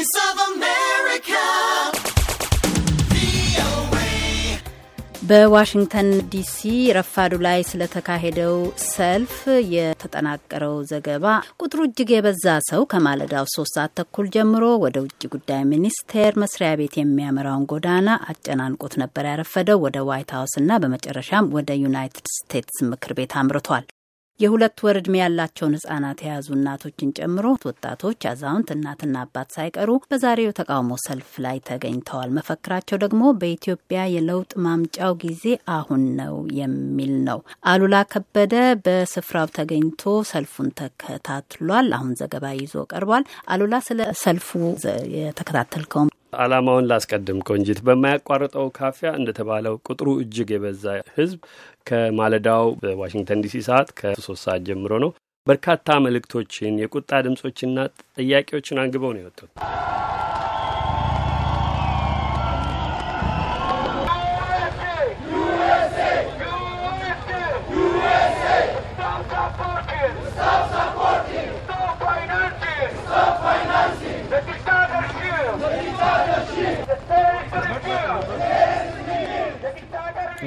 Voice of America. በዋሽንግተን ዲሲ ረፋዱ ላይ ስለተካሄደው ሰልፍ የተጠናቀረው ዘገባ ቁጥሩ እጅግ የበዛ ሰው ከማለዳው ሶስት ሰዓት ተኩል ጀምሮ ወደ ውጭ ጉዳይ ሚኒስቴር መስሪያ ቤት የሚያመራውን ጎዳና አጨናንቆት ነበር ያረፈደው። ወደ ዋይት ሀውስና በመጨረሻም ወደ ዩናይትድ ስቴትስ ምክር ቤት አምርቷል። የሁለት ወር ዕድሜ ያላቸውን ህጻናት የያዙ እናቶችን ጨምሮ ወጣቶች፣ አዛውንት፣ እናትና አባት ሳይቀሩ በዛሬው ተቃውሞ ሰልፍ ላይ ተገኝተዋል። መፈክራቸው ደግሞ በኢትዮጵያ የለውጥ ማምጫው ጊዜ አሁን ነው የሚል ነው። አሉላ ከበደ በስፍራው ተገኝቶ ሰልፉን ተከታትሏል። አሁን ዘገባ ይዞ ቀርቧል። አሉላ ስለ ሰልፉ የተከታተልከው አላማውን ላስቀድም። ቆንጂት፣ በማያቋርጠው ካፊያ እንደተባለው ቁጥሩ እጅግ የበዛ ህዝብ ከማለዳው በዋሽንግተን ዲሲ ሰዓት ከሶስት ሰዓት ጀምሮ ነው። በርካታ መልእክቶችን የቁጣ ድምጾችና ጥያቄዎችን አንግበው ነው የወጡት።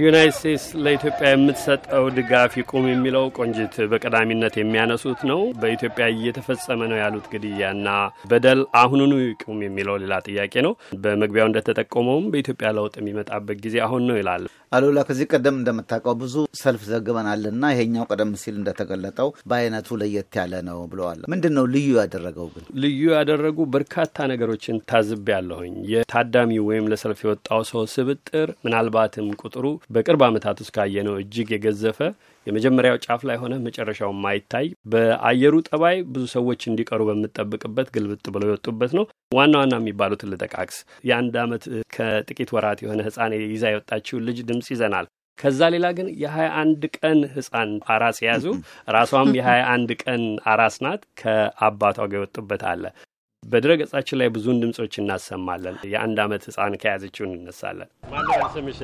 ዩናይት ስቴትስ ለኢትዮጵያ የምትሰጠው ድጋፍ ይቁም የሚለው ቆንጅት በቀዳሚነት የሚያነሱት ነው። በኢትዮጵያ እየተፈጸመ ነው ያሉት ግድያና በደል አሁኑኑ ይቁም የሚለው ሌላ ጥያቄ ነው። በመግቢያው እንደተጠቆመውም በኢትዮጵያ ለውጥ የሚመጣበት ጊዜ አሁን ነው ይላል። አሉላ ከዚህ ቀደም እንደምታውቀው ብዙ ሰልፍ ዘግበናልና ይሄኛው ቀደም ሲል እንደተገለጠው በአይነቱ ለየት ያለ ነው ብለዋል። ምንድን ነው ልዩ ያደረገው? ግን ልዩ ያደረጉ በርካታ ነገሮችን ታዝብ ያለሁኝ የታዳሚ ወይም ለሰልፍ የወጣው ሰው ስብጥር ምናልባትም ቁጥሩ በቅርብ ዓመታት ውስጥ ካየነው እጅግ የገዘፈ የመጀመሪያው ጫፍ ላይ ሆነ መጨረሻው ማይታይ በአየሩ ጠባይ ብዙ ሰዎች እንዲቀሩ በምጠብቅበት ግልብጥ ብለው የወጡበት ነው። ዋና ዋና የሚባሉትን ልጠቃቅስ። የአንድ ዓመት ከጥቂት ወራት የሆነ ህፃን ይዛ የወጣችውን ልጅ ድምፅ ይዘናል። ከዛ ሌላ ግን የ21 ቀን ህፃን አራስ የያዙ ራሷም የ21 ቀን አራስ ናት። ከአባቷ ጋር የወጡበት አለ። ገጻችን ላይ ብዙውን ድምጾች እናሰማለን። የአንድ ዓመት ህፃን ከያዘችው እነሳለን። ስምሽ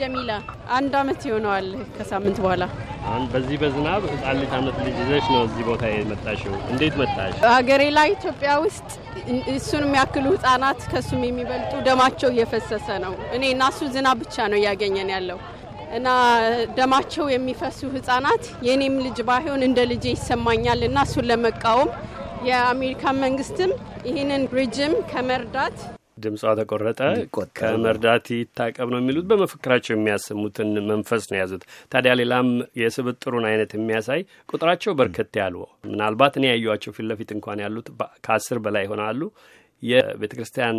ጀሚላ፣ አንድ ዓመት ይሆነዋል ከሳምንት በኋላ። አሁን በዚህ በዝናብ ህፃን ልጅ አመት ልጅ ይዘሽ ነው እዚህ ቦታ የመጣሽው። እንዴት መጣሽ? ሀገሬ ላይ ኢትዮጵያ ውስጥ እሱን የሚያክሉ ህጻናት ከሱም የሚበልጡ ደማቸው እየፈሰሰ ነው። እኔ እና እሱ ዝናብ ብቻ ነው እያገኘን ያለው እና ደማቸው የሚፈሱ ህጻናት የእኔም ልጅ ባይሆን እንደ ልጄ ይሰማኛል እና እሱን ለመቃወም የአሜሪካ መንግስትም ይህንን ሪጅም ከመርዳት ድምጿ ተቆረጠ ከመርዳት ይታቀብ ነው የሚሉት በመፈክራቸው የሚያሰሙትን መንፈስ ነው የያዙት። ታዲያ ሌላም የስብጥሩን አይነት የሚያሳይ ቁጥራቸው በርከት ያሉ ምናልባት እኔ ያዩቸው ፊት ለፊት እንኳን ያሉት ከአስር በላይ ይሆናሉ የቤተ ክርስቲያን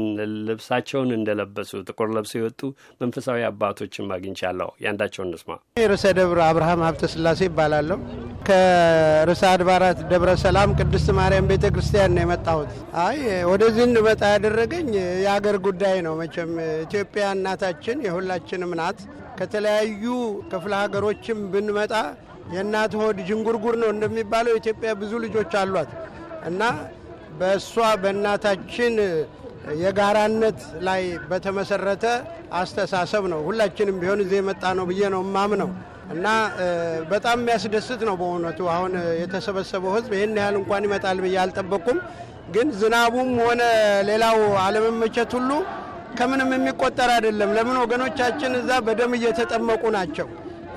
ልብሳቸውን እንደለበሱ ጥቁር ለብሰው የወጡ መንፈሳዊ አባቶችን አግኝቻለሁ። ያንዳቸውን እንስማ። ርዕሰ ደብረ አብርሃም ሀብተ ስላሴ ይባላለሁ። ከርዕሰ አድባራት ደብረ ሰላም ቅድስት ማርያም ቤተ ክርስቲያን ነው የመጣሁት። አይ ወደዚህ እንመጣ ያደረገኝ የአገር ጉዳይ ነው። መቼም ኢትዮጵያ እናታችን የሁላችንም ናት። ከተለያዩ ክፍለ ሀገሮችም ብንመጣ የእናት ሆድ ዥንጉርጉር ነው እንደሚባለው ኢትዮጵያ ብዙ ልጆች አሏት እና በእሷ በእናታችን የጋራነት ላይ በተመሰረተ አስተሳሰብ ነው ሁላችንም ቢሆን እዚህ የመጣ ነው ብዬ ነው የማምነው እና በጣም የሚያስደስት ነው በእውነቱ። አሁን የተሰበሰበው ህዝብ ይህን ያህል እንኳን ይመጣል ብዬ አልጠበቁም። ግን ዝናቡም ሆነ ሌላው አለመመቸት ሁሉ ከምንም የሚቆጠር አይደለም። ለምን ወገኖቻችን እዛ በደም እየተጠመቁ ናቸው፣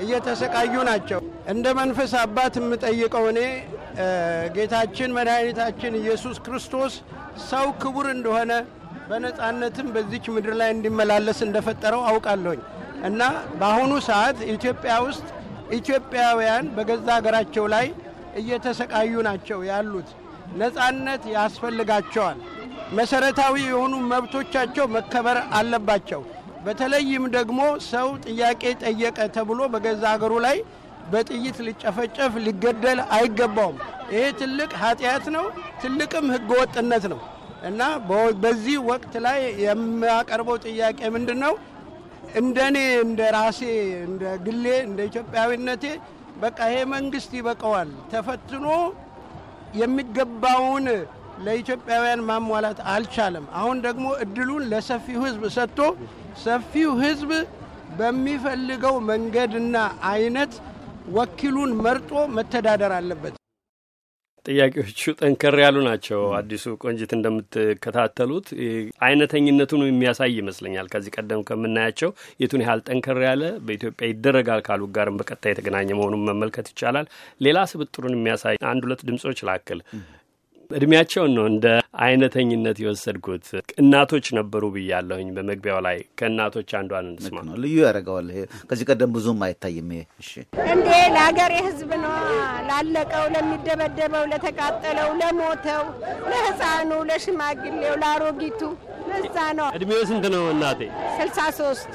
እየተሰቃዩ ናቸው። እንደ መንፈስ አባት የምጠይቀው እኔ ጌታችን መድኃኒታችን ኢየሱስ ክርስቶስ ሰው ክቡር እንደሆነ በነጻነትም በዚች ምድር ላይ እንዲመላለስ እንደፈጠረው አውቃለሁኝ እና በአሁኑ ሰዓት ኢትዮጵያ ውስጥ ኢትዮጵያውያን በገዛ ሀገራቸው ላይ እየተሰቃዩ ናቸው ያሉት። ነጻነት ያስፈልጋቸዋል። መሰረታዊ የሆኑ መብቶቻቸው መከበር አለባቸው። በተለይም ደግሞ ሰው ጥያቄ ጠየቀ ተብሎ በገዛ ሀገሩ ላይ በጥይት ሊጨፈጨፍ ሊገደል አይገባውም። ይሄ ትልቅ ኃጢአት ነው፣ ትልቅም ህገወጥነት ነው እና በዚህ ወቅት ላይ የሚያቀርበው ጥያቄ ምንድን ነው? እንደኔ እንደ ራሴ እንደ ግሌ እንደ ኢትዮጵያዊነቴ በቃ ይሄ መንግስት ይበቀዋል፣ ተፈትኖ የሚገባውን ለኢትዮጵያውያን ማሟላት አልቻለም። አሁን ደግሞ እድሉን ለሰፊው ህዝብ ሰጥቶ ሰፊው ህዝብ በሚፈልገው መንገድና አይነት ወኪሉን መርጦ መተዳደር አለበት። ጥያቄዎቹ ጠንከር ያሉ ናቸው። አዲሱ ቆንጅት እንደምትከታተሉት አይነተኝነቱን የሚያሳይ ይመስለኛል። ከዚህ ቀደም ከምናያቸው የቱን ያህል ጠንከር ያለ በኢትዮጵያ ይደረጋል ካሉ ጋርም በቀጥታ የተገናኘ መሆኑን መመልከት ይቻላል። ሌላ ስብጥሩን የሚያሳይ አንድ ሁለት ድምጾች ላክል እድሜያቸውን ነው እንደ አይነተኝነት የወሰድኩት። እናቶች ነበሩ ብያለሁኝ በመግቢያው ላይ ከእናቶች አንዷን እንስማ። ልዩ ያደርገዋል። ከዚህ ቀደም ብዙም አይታይም። እሺ፣ እንዴ ለሀገሬ ህዝብ ነዋ ላለቀው፣ ለሚደበደበው፣ ለተቃጠለው፣ ለሞተው፣ ለህፃኑ፣ ለሽማግሌው፣ ለአሮጊቱ እዛ ነው። እድሜው ስንት ነው እናቴ? ስልሳ ሶስት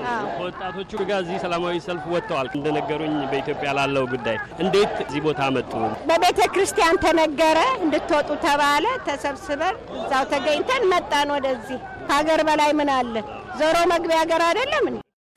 ከወጣቶቹ ጋር እዚህ ሰላማዊ ሰልፍ ወጥተዋል። እንደነገሩኝ በኢትዮጵያ ላለው ጉዳይ እንዴት እዚህ ቦታ መጡ? በቤተ ክርስቲያን ተነገረ እንድትወጡ ተባለ። ተሰብስበን እዛው ተገኝተን መጣን ወደዚህ። ከሀገር በላይ ምን አለ? ዞሮ መግቢያ ሀገር አይደለም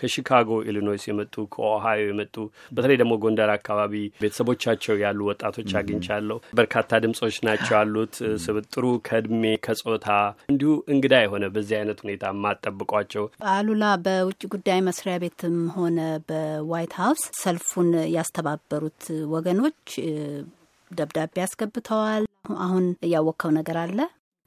ከሺካጎ ኢሊኖይስ የመጡ ከኦሃዮ የመጡ በተለይ ደግሞ ጎንደር አካባቢ ቤተሰቦቻቸው ያሉ ወጣቶች አግኝቻለሁ። በርካታ ድምጾች ናቸው ያሉት። ስብጥሩ ከእድሜ ከጾታ እንዲሁ እንግዳ የሆነ በዚህ አይነት ሁኔታ የማጠብቋቸው አሉላ በውጭ ጉዳይ መስሪያ ቤትም ሆነ በዋይት ሀውስ ሰልፉን ያስተባበሩት ወገኖች ደብዳቤ አስገብተዋል። አሁን እያወቅከው ነገር አለ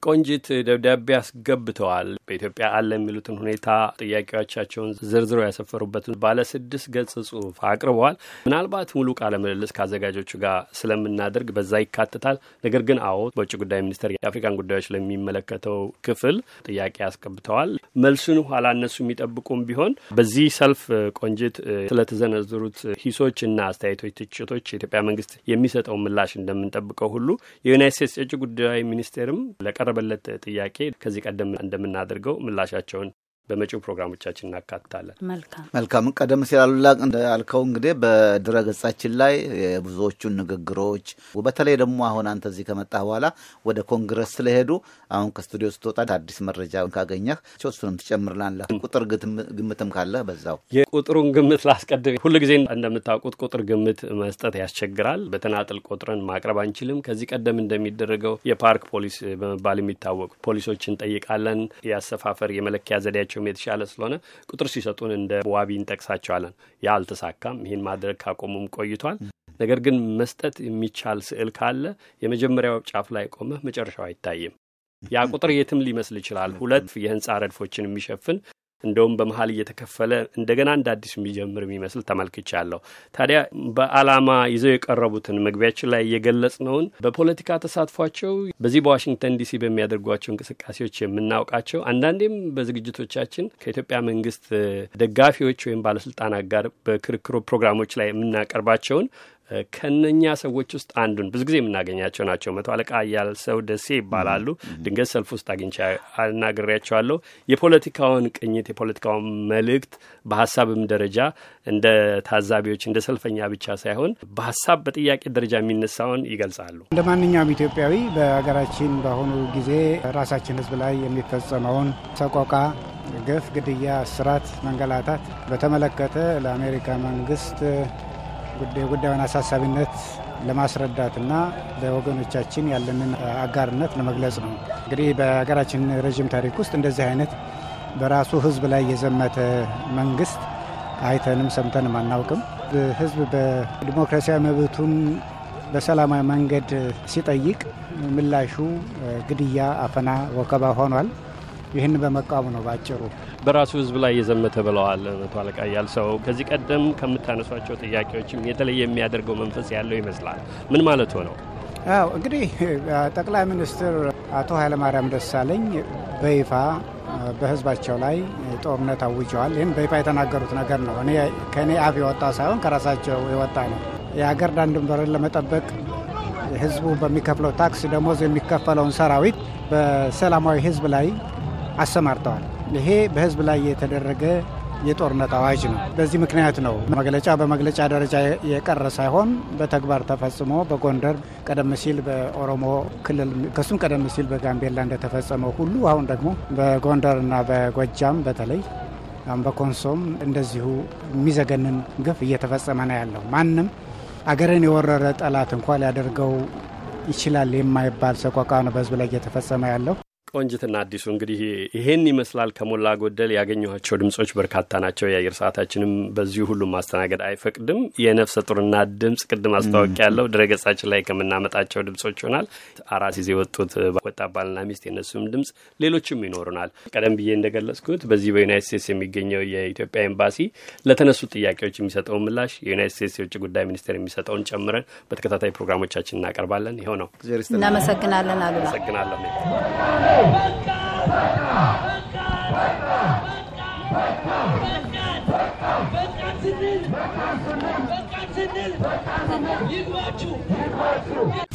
ቆንጂት ደብዳቤ አስገብተዋል። በኢትዮጵያ አለ የሚሉትን ሁኔታ ጥያቄዎቻቸውን ዝርዝረው ያሰፈሩበትን ባለ ስድስት ገጽ ጽሁፍ አቅርበዋል። ምናልባት ሙሉ ቃለ ምልልስ ከአዘጋጆቹ ጋር ስለምናደርግ በዛ ይካትታል። ነገር ግን አዎ በውጭ ጉዳይ ሚኒስቴር የአፍሪካን ጉዳዮች ለሚመለከተው ክፍል ጥያቄ አስገብተዋል። መልሱን ኋላ እነሱ የሚጠብቁም ቢሆን በዚህ ሰልፍ ቆንጂት ስለተዘነዘሩት ሂሶች እና አስተያየቶች፣ ትችቶች የኢትዮጵያ መንግስት የሚሰጠው ምላሽ እንደምንጠብቀው ሁሉ የዩናይት ስቴትስ የውጭ ጉዳይ ሚኒስቴርም ለቀረ ለቀረበለት ጥያቄ ከዚህ ቀደም እንደምናደርገው ምላሻቸውን በመጪው ፕሮግራሞቻችን እናካትታለን። መልካም መልካም። ቀደም ሲል አሉላ እንዳልከው እንግዲህ በድረ ገጻችን ላይ የብዙዎቹን ንግግሮች በተለይ ደግሞ አሁን አንተ እዚህ ከመጣህ በኋላ ወደ ኮንግረስ ስለሄዱ አሁን ከስቱዲዮ ስትወጣ አዲስ መረጃ ካገኘህ እሱንም ትጨምርላለህ። ቁጥር ግምትም ካለህ በዛው የቁጥሩን ግምት ላስቀድም። ሁሉ ጊዜ እንደምታውቁት ቁጥር ግምት መስጠት ያስቸግራል። በተናጥል ቁጥርን ማቅረብ አንችልም። ከዚህ ቀደም እንደሚደረገው የፓርክ ፖሊስ በመባል የሚታወቁ ፖሊሶች እንጠይቃለን። የአሰፋፈር የመለኪያ ዘዴያ መቼም የተሻለ ስለሆነ ቁጥር ሲሰጡን እንደ ዋቢ እንጠቅሳቸዋለን። ያ አልተሳካም። ይህን ማድረግ ካቆሙም ቆይቷል። ነገር ግን መስጠት የሚቻል ስዕል ካለ የመጀመሪያው ጫፍ ላይ ቆመህ መጨረሻው አይታይም። ያ ቁጥር የትም ሊመስል ይችላል። ሁለት የህንፃ ረድፎችን የሚሸፍን እንደውም በመሀል እየተከፈለ እንደገና እንደ አዲስ የሚጀምር የሚመስል ተመልክቻለሁ። ታዲያ በዓላማ ይዘው የቀረቡትን መግቢያችን ላይ የገለጽ ነውን በፖለቲካ ተሳትፏቸው በዚህ በዋሽንግተን ዲሲ በሚያደርጓቸው እንቅስቃሴዎች የምናውቃቸው አንዳንዴም በዝግጅቶቻችን ከኢትዮጵያ መንግስት ደጋፊዎች ወይም ባለስልጣናት ጋር በክርክሮ ፕሮግራሞች ላይ የምናቀርባቸውን ከነኛ ሰዎች ውስጥ አንዱን ብዙ ጊዜ የምናገኛቸው ናቸው። መቶ አለቃ ሰው ደሴ ይባላሉ። ድንገት ሰልፍ ውስጥ አግኝቻ አናግሬያቸዋለሁ። የፖለቲካውን ቅኝት፣ የፖለቲካውን መልእክት በሀሳብም ደረጃ እንደ ታዛቢዎች እንደ ሰልፈኛ ብቻ ሳይሆን በሀሳብ በጥያቄ ደረጃ የሚነሳውን ይገልጻሉ። እንደ ማንኛውም ኢትዮጵያዊ በሀገራችን በአሁኑ ጊዜ ራሳችን ህዝብ ላይ የሚፈጸመውን ሰቆቃ ግፍ፣ ግድያ፣ እስራት፣ መንገላታት በተመለከተ ለአሜሪካ መንግስት የጉዳዩን አሳሳቢነት ለማስረዳትና ለወገኖቻችን ያለንን አጋርነት ለመግለጽ ነው። እንግዲህ በሀገራችን ረዥም ታሪክ ውስጥ እንደዚህ አይነት በራሱ ሕዝብ ላይ የዘመተ መንግስት አይተንም ሰምተንም አናውቅም። ሕዝብ በዲሞክራሲያዊ መብቱን በሰላማዊ መንገድ ሲጠይቅ ምላሹ ግድያ፣ አፈና፣ ወከባ ሆኗል። ይህን በመቃወም ነው ባጭሩ። በራሱ ህዝብ ላይ የዘመተ ብለዋል መቶ አለቃ ሰው ከዚህ ቀደም ከምታነሷቸው ጥያቄዎችም የተለየ የሚያደርገው መንፈስ ያለው ይመስላል። ምን ማለት ነው? አዎ እንግዲህ ጠቅላይ ሚኒስትር አቶ ኃይለማርያም ደሳለኝ በይፋ በህዝባቸው ላይ ጦርነት አውጀዋል። ይህን በይፋ የተናገሩት ነገር ነው። እኔ ከእኔ አፍ የወጣ ሳይሆን ከራሳቸው የወጣ ነው። የሀገር ዳር ድንበርን ለመጠበቅ ህዝቡ በሚከፍለው ታክስ ደሞዝ የሚከፈለውን ሰራዊት በሰላማዊ ህዝብ ላይ አሰማርተዋል። ይሄ በህዝብ ላይ የተደረገ የጦርነት አዋጅ ነው። በዚህ ምክንያት ነው መግለጫ በመግለጫ ደረጃ የቀረ ሳይሆን በተግባር ተፈጽሞ በጎንደር ቀደም ሲል በኦሮሞ ክልል ከሱም ቀደም ሲል በጋምቤላ እንደተፈጸመ ሁሉ አሁን ደግሞ በጎንደርና በጎጃም በተለይ በኮንሶም እንደዚሁ የሚዘገንን ግፍ እየተፈጸመ ነው ያለው። ማንም አገርን የወረረ ጠላት እንኳ ሊያደርገው ይችላል የማይባል ሰቆቃ ነው በህዝብ ላይ እየተፈጸመ ያለው። ቆንጅትና አዲሱ እንግዲህ ይሄን ይመስላል ከሞላ ጎደል ያገኘኋቸው ድምጾች በርካታ ናቸው። የአየር ሰዓታችንም በዚሁ ሁሉም ማስተናገድ አይፈቅድም። የነፍሰ ጡርና ድምጽ ቅድም አስታወቅ ያለው ድረገጻችን ላይ ከምናመጣቸው ድምጾች ይሆናል። አራስ ይዜ የወጡት ወጣ ባልና ሚስት የነሱም ድምጽ ሌሎችም ይኖሩናል። ቀደም ብዬ እንደገለጽኩት በዚህ በዩናይት ስቴትስ የሚገኘው የኢትዮጵያ ኤምባሲ ለተነሱ ጥያቄዎች የሚሰጠውን ምላሽ የዩናይት ስቴትስ የውጭ ጉዳይ ሚኒስቴር የሚሰጠውን ጨምረን በተከታታይ ፕሮግራሞቻችን እናቀርባለን። ይኸው ነው። እናመሰግናለን አሉ ይግባችሁ